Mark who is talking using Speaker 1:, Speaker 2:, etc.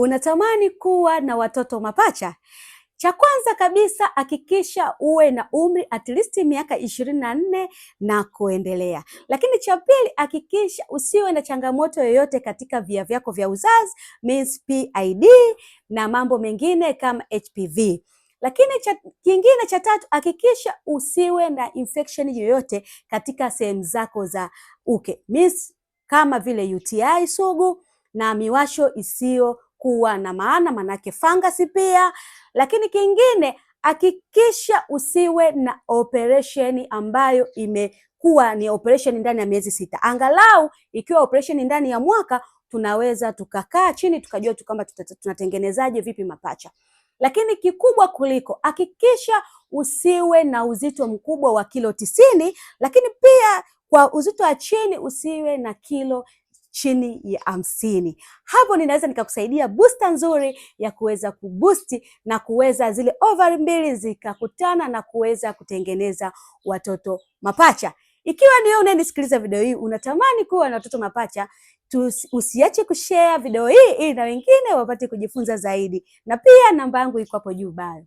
Speaker 1: Unatamani kuwa na watoto mapacha? Cha kwanza kabisa hakikisha uwe na umri at least miaka ishirini na nne na kuendelea. Lakini cha pili, hakikisha usiwe na changamoto yoyote katika via vyako vya uzazi means PID na mambo mengine kama HPV. Lakini cha, kingine cha tatu hakikisha usiwe na infection yoyote katika sehemu zako za uke means kama vile UTI sugu na miwasho isiyo kuwa na maana, manake fangasi pia. Lakini kingine, hakikisha usiwe na operesheni ambayo imekuwa ni operesheni ndani ya miezi sita. Angalau ikiwa operesheni ndani ya mwaka, tunaweza tukakaa chini tukajua tu kwamba tunatengenezaje vipi mapacha. Lakini kikubwa kuliko, hakikisha usiwe na uzito mkubwa wa kilo tisini, lakini pia kwa uzito wa chini usiwe na kilo chini ya hamsini. Hapo ninaweza nikakusaidia busta nzuri ya kuweza kubusti na kuweza zile ovari mbili zikakutana na kuweza kutengeneza watoto mapacha. Ikiwa ndio unanisikiliza video hii unatamani kuwa na watoto mapacha, usiache kushare video hii ili na wengine wapate kujifunza zaidi, na pia namba yangu iko hapo juu bayo.